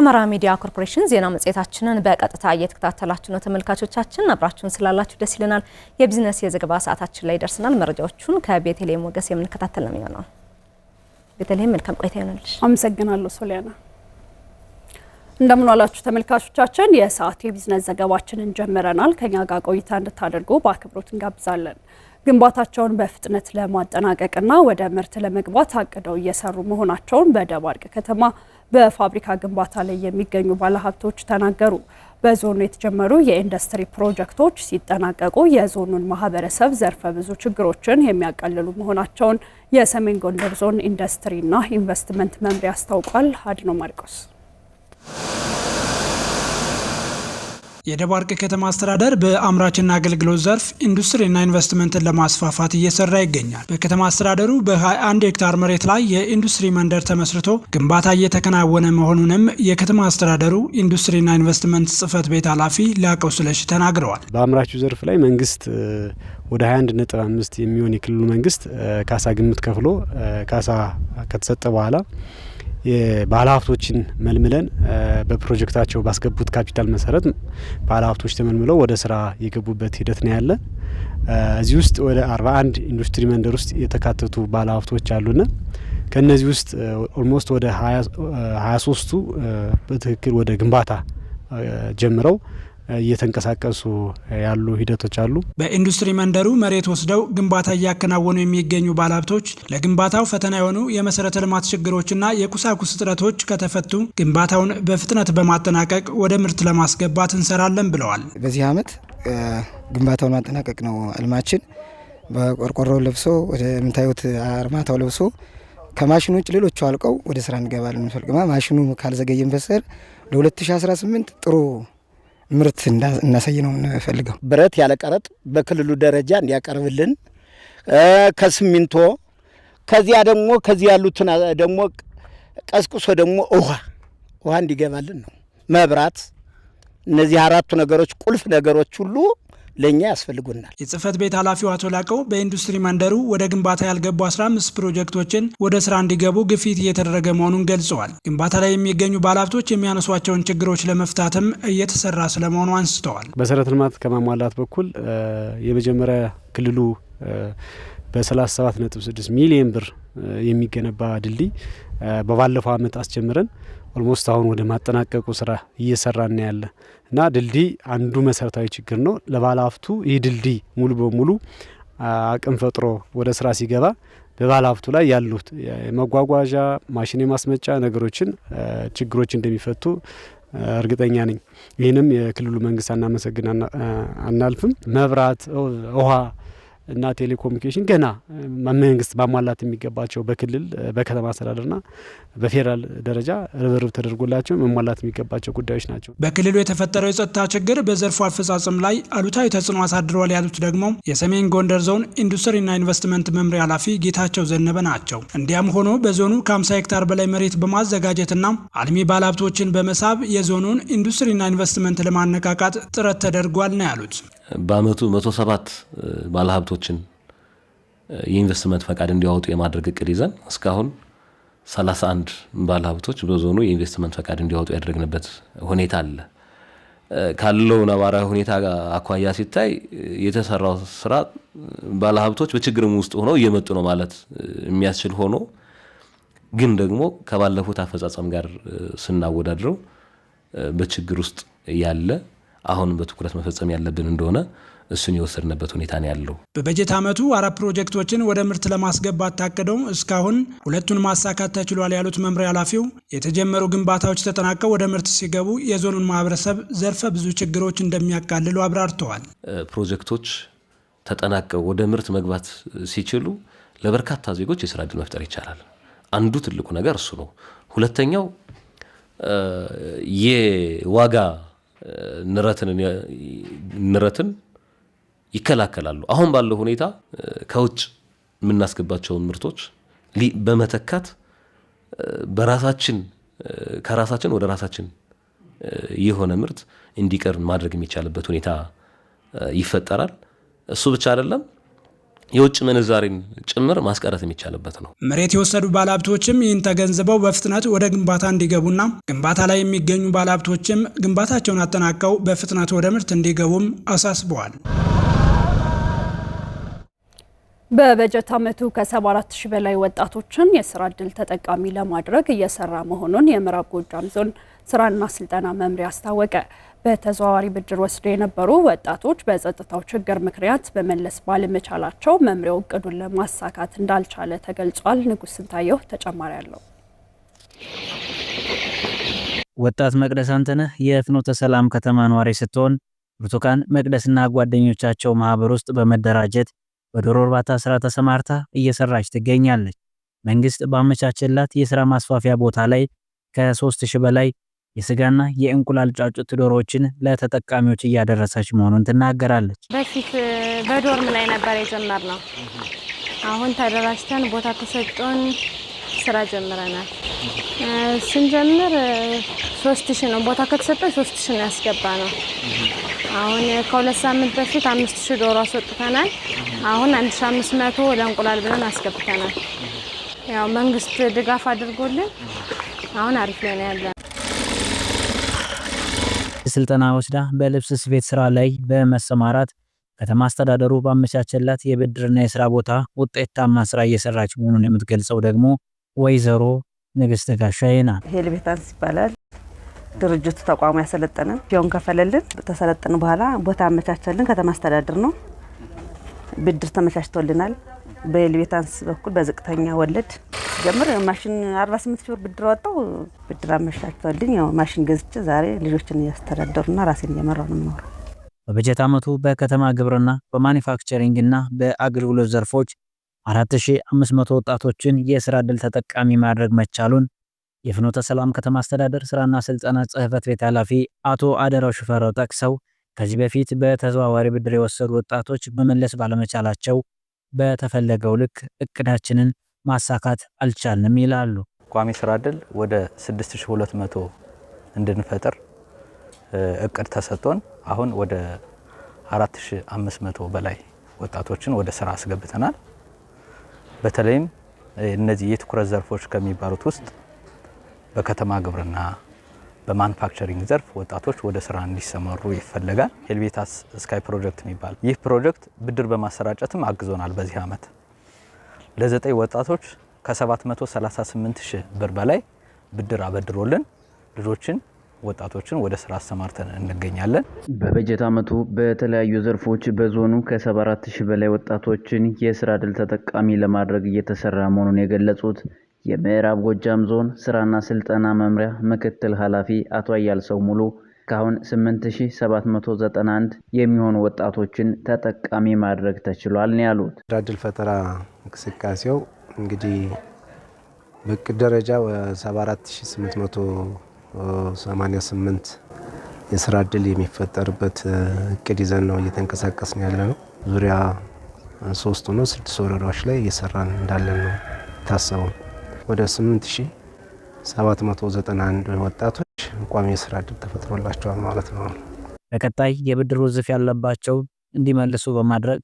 ከአማራ ሚዲያ ኮርፖሬሽን ዜና መጽሔታችንን በቀጥታ እየተከታተላችሁ ነው ተመልካቾቻችን። አብራችሁን ስላላችሁ ደስ ይለናል። የቢዝነስ የዘገባ ሰዓታችን ላይ ደርሰናል። መረጃዎቹን ከቤተልሔም ሞገስ የምንከታተል ነው የሚሆነው። ቤተልሔም መልካም ቆይታ ይሆንልሽ። አመሰግናለሁ ሶሊያና። እንደምን ዋላችሁ ተመልካቾቻችን። የሰዓቱ የቢዝነስ ዘገባችንን ጀምረናል። ከኛ ጋር ቆይታ እንድታደርጉ በአክብሮት እንጋብዛለን። ግንባታቸውን በፍጥነት ለማጠናቀቅና ወደ ምርት ለመግባት አቅደው እየሰሩ መሆናቸውን በደባርቅ ከተማ በፋብሪካ ግንባታ ላይ የሚገኙ ባለሀብቶች ተናገሩ። በዞኑ የተጀመሩ የኢንዱስትሪ ፕሮጀክቶች ሲጠናቀቁ የዞኑን ማህበረሰብ ዘርፈ ብዙ ችግሮችን የሚያቀልሉ መሆናቸውን የሰሜን ጎንደር ዞን ኢንዱስትሪና ኢንቨስትመንት መምሪያ አስታውቋል። አድኖ ማርቆስ የደባርቅ ከተማ አስተዳደር በአምራችና አገልግሎት ዘርፍ ኢንዱስትሪና ኢንቨስትመንትን ለማስፋፋት እየሰራ ይገኛል። በከተማ አስተዳደሩ በ21 ሄክታር መሬት ላይ የኢንዱስትሪ መንደር ተመስርቶ ግንባታ እየተከናወነ መሆኑንም የከተማ አስተዳደሩ ኢንዱስትሪና ኢንቨስትመንት ጽህፈት ቤት ኃላፊ ላቀው ስለሽ ተናግረዋል። በአምራቹ ዘርፍ ላይ መንግስት ወደ 21.5 የሚሆን የክልሉ መንግስት ካሳ ግምት ከፍሎ ካሳ ከተሰጠ በኋላ ባለሀብቶችን መልምለን በፕሮጀክታቸው ባስገቡት ካፒታል መሰረት ባለሀብቶች ተመልምለው ወደ ስራ የገቡበት ሂደት ነው ያለ። እዚህ ውስጥ ወደ አርባ አንድ ኢንዱስትሪ መንደር ውስጥ የተካተቱ ባለሀብቶች አሉና ከእነዚህ ውስጥ ኦልሞስት ወደ ሀያ ሶስቱ በትክክል ወደ ግንባታ ጀምረው እየተንቀሳቀሱ ያሉ ሂደቶች አሉ። በኢንዱስትሪ መንደሩ መሬት ወስደው ግንባታ እያከናወኑ የሚገኙ ባለሀብቶች ለግንባታው ፈተና የሆኑ የመሰረተ ልማት ችግሮችና የቁሳቁስ እጥረቶች ከተፈቱ ግንባታውን በፍጥነት በማጠናቀቅ ወደ ምርት ለማስገባት እንሰራለን ብለዋል። በዚህ ዓመት ግንባታውን ማጠናቀቅ ነው ህልማችን። በቆርቆሮ ለብሶ ወደ ምታዩት አርማታው ለብሶ ከማሽኑ ውጭ ሌሎቹ አልቀው ወደ ስራ እንገባለን። ማሽኑ ካልዘገየን በስተቀር ለ2018 ጥሩ ምርት እናሳይ ነው የምንፈልገው። ብረት ያለ ቀረጥ በክልሉ ደረጃ እንዲያቀርብልን ከስሚንቶ ከዚያ ደግሞ ከዚህ ያሉትን ደግሞ ቀስቅሶ ደግሞ ውሃ ውሃ እንዲገባልን ነው መብራት። እነዚህ አራቱ ነገሮች ቁልፍ ነገሮች ሁሉ ለእኛ ያስፈልጉናል። የጽህፈት ቤት ኃላፊው አቶ ላቀው በኢንዱስትሪ መንደሩ ወደ ግንባታ ያልገቡ 15 ፕሮጀክቶችን ወደ ስራ እንዲገቡ ግፊት እየተደረገ መሆኑን ገልጸዋል። ግንባታ ላይ የሚገኙ ባለሀብቶች የሚያነሷቸውን ችግሮች ለመፍታትም እየተሰራ ስለመሆኑ አንስተዋል። መሰረተ ልማት ከማሟላት በኩል የመጀመሪያ ክልሉ በ37.6 ሚሊዮን ብር የሚገነባ ድልድይ በባለፈው ዓመት አስጀምረን ኦልሞስት አሁን ወደ ማጠናቀቁ ስራ እየሰራን ያለ እና ድልድይ አንዱ መሰረታዊ ችግር ነው። ለባላፍቱ ይህ ድልድይ ሙሉ በሙሉ አቅም ፈጥሮ ወደ ስራ ሲገባ በባላፍቱ ላይ ያሉት የመጓጓዣ ማሽን የማስመጫ ነገሮችን ችግሮች እንደሚፈቱ እርግጠኛ ነኝ። ይህንም የክልሉ መንግስት አናመሰግን አናልፍም። መብራት፣ ውሃ እና ቴሌኮሙኒኬሽን ገና መንግስት ማሟላት የሚገባቸው በክልል በከተማ አስተዳደርና በፌዴራል ደረጃ ርብርብ ተደርጎላቸው መሟላት የሚገባቸው ጉዳዮች ናቸው። በክልሉ የተፈጠረው የጸጥታ ችግር በዘርፉ አፈጻጸም ላይ አሉታዊ ተጽዕኖ አሳድረዋል ያሉት ደግሞ የሰሜን ጎንደር ዞን ኢንዱስትሪና ኢንቨስትመንት መምሪያ ኃላፊ ጌታቸው ዘነበ ናቸው። እንዲያም ሆኖ በዞኑ ከ50 ሄክታር በላይ መሬት በማዘጋጀትና አልሚ ባለሀብቶችን በመሳብ የዞኑን ኢንዱስትሪና ኢንቨስትመንት ለማነቃቃት ጥረት ተደርጓል ነው ያሉት። በአመቱ ሰባት ባለሀብቶችን የኢንቨስትመንት ፈቃድ እንዲያወጡ የማድረግ እቅድ ይዘን እስካሁን 31 ባለሀብቶች በዞኑ የኢንቨስትመንት ፈቃድ እንዲያወጡ ያደረግንበት ሁኔታ አለ። ካለው ነባራዊ ሁኔታ አኳያ ሲታይ የተሰራው ስራ ባለሀብቶች በችግርም ውስጥ ሆነው እየመጡ ነው ማለት የሚያስችል ሆኖ ግን ደግሞ ከባለፉት አፈጻጸም ጋር ስናወዳድረው በችግር ውስጥ ያለ አሁንም በትኩረት መፈጸም ያለብን እንደሆነ እሱን የወሰድንበት ሁኔታ ነው ያለው። በበጀት ዓመቱ አራት ፕሮጀክቶችን ወደ ምርት ለማስገባት ታቅደው እስካሁን ሁለቱን ማሳካት ተችሏል ያሉት መምሪያ ኃላፊው የተጀመሩ ግንባታዎች ተጠናቀው ወደ ምርት ሲገቡ የዞኑን ማህበረሰብ ዘርፈ ብዙ ችግሮች እንደሚያቃልሉ አብራርተዋል። ፕሮጀክቶች ተጠናቀው ወደ ምርት መግባት ሲችሉ ለበርካታ ዜጎች የስራ ዕድል መፍጠር ይቻላል። አንዱ ትልቁ ነገር እሱ ነው። ሁለተኛው የዋጋ ንረትን ይከላከላሉ። አሁን ባለው ሁኔታ ከውጭ የምናስገባቸውን ምርቶች በመተካት በራሳችን ከራሳችን ወደ ራሳችን የሆነ ምርት እንዲቀርብ ማድረግ የሚቻልበት ሁኔታ ይፈጠራል። እሱ ብቻ አይደለም። የውጭ ምንዛሬን ጭምር ማስቀረት የሚቻልበት ነው። መሬት የወሰዱ ባለሀብቶችም ይህን ተገንዝበው በፍጥነት ወደ ግንባታ እንዲገቡና ግንባታ ላይ የሚገኙ ባለሀብቶችም ግንባታቸውን አጠናቀው በፍጥነት ወደ ምርት እንዲገቡም አሳስበዋል። በበጀት ዓመቱ ከ74 ሺህ በላይ ወጣቶችን የስራ እድል ተጠቃሚ ለማድረግ እየሰራ መሆኑን የምዕራብ ጎጃም ዞን ስራና ስልጠና መምሪያ አስታወቀ። በተዘዋዋሪ ብድር ወስደው የነበሩ ወጣቶች በጸጥታው ችግር ምክንያት መመለስ ባለመቻላቸው መምሪያው እቅዱን ለማሳካት እንዳልቻለ ተገልጿል። ንጉስ ስንታየሁ ተጨማሪ አለው። ወጣት መቅደስ አንተነህ የፍኖተ ሰላም ከተማ ነዋሪ ስትሆን ብርቱካን መቅደስና ጓደኞቻቸው ማህበር ውስጥ በመደራጀት በዶሮ እርባታ ስራ ተሰማርታ እየሰራች ትገኛለች። መንግስት ባመቻቸላት የስራ ማስፋፊያ ቦታ ላይ ከ3000 በላይ የስጋና የእንቁላል ጫጩት ዶሮዎችን ለተጠቃሚዎች እያደረሰች መሆኑን ትናገራለች። በፊት በዶርም ላይ ነበር የጀመርነው። አሁን ተደራጅተን ቦታ ተሰጥቶን ስራ ጀምረናል። ስንጀምር ሶስት ሺ ነው ቦታ ከተሰጠን ሶስት ሺ ነው ያስገባ ነው። አሁን ከሁለት ሳምንት በፊት አምስት ሺ ዶሮ አስወጥተናል። አሁን አንድ ሺ አምስት መቶ ለእንቁላል ብለን አስገብተናል። ያው መንግስት ድጋፍ አድርጎልን አሁን አሪፍ ላይ ነው ያለ ስልጠና ወስዳ በልብስ ስፌት ስራ ላይ በመሰማራት ከተማ አስተዳደሩ ባመቻቸላት የብድርና የስራ ቦታ ውጤታማ ስራ እየሰራች መሆኑን የምትገልጸው ደግሞ ወይዘሮ ንግስት ጋሻዬ ናት። ሄልቤታንስ ይባላል ድርጅቱ ተቋሙ ያሰለጠነን ፊውን ከፈለልን። ተሰለጠን በኋላ ቦታ አመቻቸልን። ከተማ አስተዳደር ነው ብድር ተመቻችቶልናል። በሄልቤታንስ በኩል በዝቅተኛ ወለድ ጀምር ማሽን 48 ሺህ ብር ብድር ወጣው ብድር አመሻቸዋልኝ። ያው ማሽን ገዝቼ ዛሬ ልጆችን እያስተዳደሩና ራሴን እየመራው ነው የምኖረው። በበጀት ዓመቱ በከተማ ግብርና በማኒፋክቸሪንግና በአገልግሎት ዘርፎች 4500 ወጣቶችን የስራ ዕድል ተጠቃሚ ማድረግ መቻሉን የፍኖተ ሰላም ከተማ አስተዳደር ስራና ስልጠና ጽህፈት ቤት ኃላፊ አቶ አደራው ሽፈራው ጠቅሰው ከዚህ በፊት በተዘዋዋሪ ብድር የወሰዱ ወጣቶች መመለስ ባለመቻላቸው በተፈለገው ልክ እቅዳችንን ማሳካት አልቻልንም ይላሉ። ቋሚ ስራ እድል ወደ 6200 እንድንፈጥር እቅድ ተሰጥቶን አሁን ወደ 4500 በላይ ወጣቶችን ወደ ስራ አስገብተናል። በተለይም እነዚህ የትኩረት ዘርፎች ከሚባሉት ውስጥ በከተማ ግብርና፣ በማኑፋክቸሪንግ ዘርፍ ወጣቶች ወደ ስራ እንዲሰማሩ ይፈለጋል። ሄልቤታስ ስካይ ፕሮጀክት የሚባል ይህ ፕሮጀክት ብድር በማሰራጨትም አግዞናል በዚህ ዓመት ለዘጠኝ ወጣቶች ከ738 ሺህ ብር በላይ ብድር አበድሮልን ልጆችን ወጣቶችን ወደ ስራ አሰማርተን እንገኛለን። በበጀት ዓመቱ በተለያዩ ዘርፎች በዞኑ ከ74 ሺህ በላይ ወጣቶችን የስራ ዕድል ተጠቃሚ ለማድረግ እየተሰራ መሆኑን የገለጹት የምዕራብ ጎጃም ዞን ስራና ስልጠና መምሪያ ምክትል ኃላፊ አቶ አያልሰው ሙሉ እስካሁን 8791 የሚሆኑ ወጣቶችን ተጠቃሚ ማድረግ ተችሏል ነው ያሉት። የስራ ዕድል ፈጠራ እንቅስቃሴው እንግዲህ በእቅድ ደረጃ 74888 የስራ ዕድል የሚፈጠርበት እቅድ ይዘን ነው እየተንቀሳቀስን ያለ ነው። ዙሪያ ሶስት ሆኖ ስድስት ወረዳዎች ላይ እየሰራን እንዳለን ነው ታሰቡ ወደ 8791 ወጣቶች ቋሚ የስራ እድል ተፈጥሮላቸዋል ማለት ነው። በቀጣይ የብድር ውዝፍ ያለባቸው እንዲመልሱ በማድረግ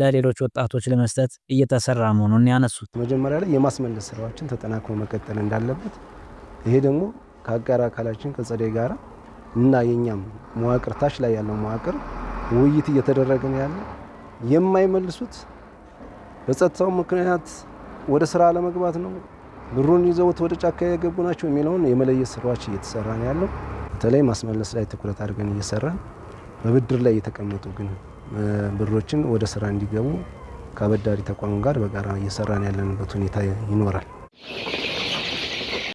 ለሌሎች ወጣቶች ለመስጠት እየተሰራ መሆኑን ያነሱት መጀመሪያ ላይ የማስመለስ ስራዎችን ተጠናክሮ መቀጠል እንዳለበት ይሄ ደግሞ ከአጋር አካላችን ከጸደይ ጋር እና የኛም መዋቅር ታች ላይ ያለው መዋቅር ውይይት እየተደረገ ነው ያለ የማይመልሱት በጸጥታው ምክንያት ወደ ስራ ለመግባት ነው ብሩን ይዘውት ወደ ጫካ የገቡ ናቸው የሚለውን የመለየት ስራዎች እየተሰራ ነው ያለው። በተለይ ማስመለስ ላይ ትኩረት አድርገን እየሰራን በብድር ላይ የተቀመጡ ግን ብሮችን ወደ ስራ እንዲገቡ ከአበዳሪ ተቋም ጋር በጋራ እየሰራን ያለንበት ሁኔታ ይኖራል።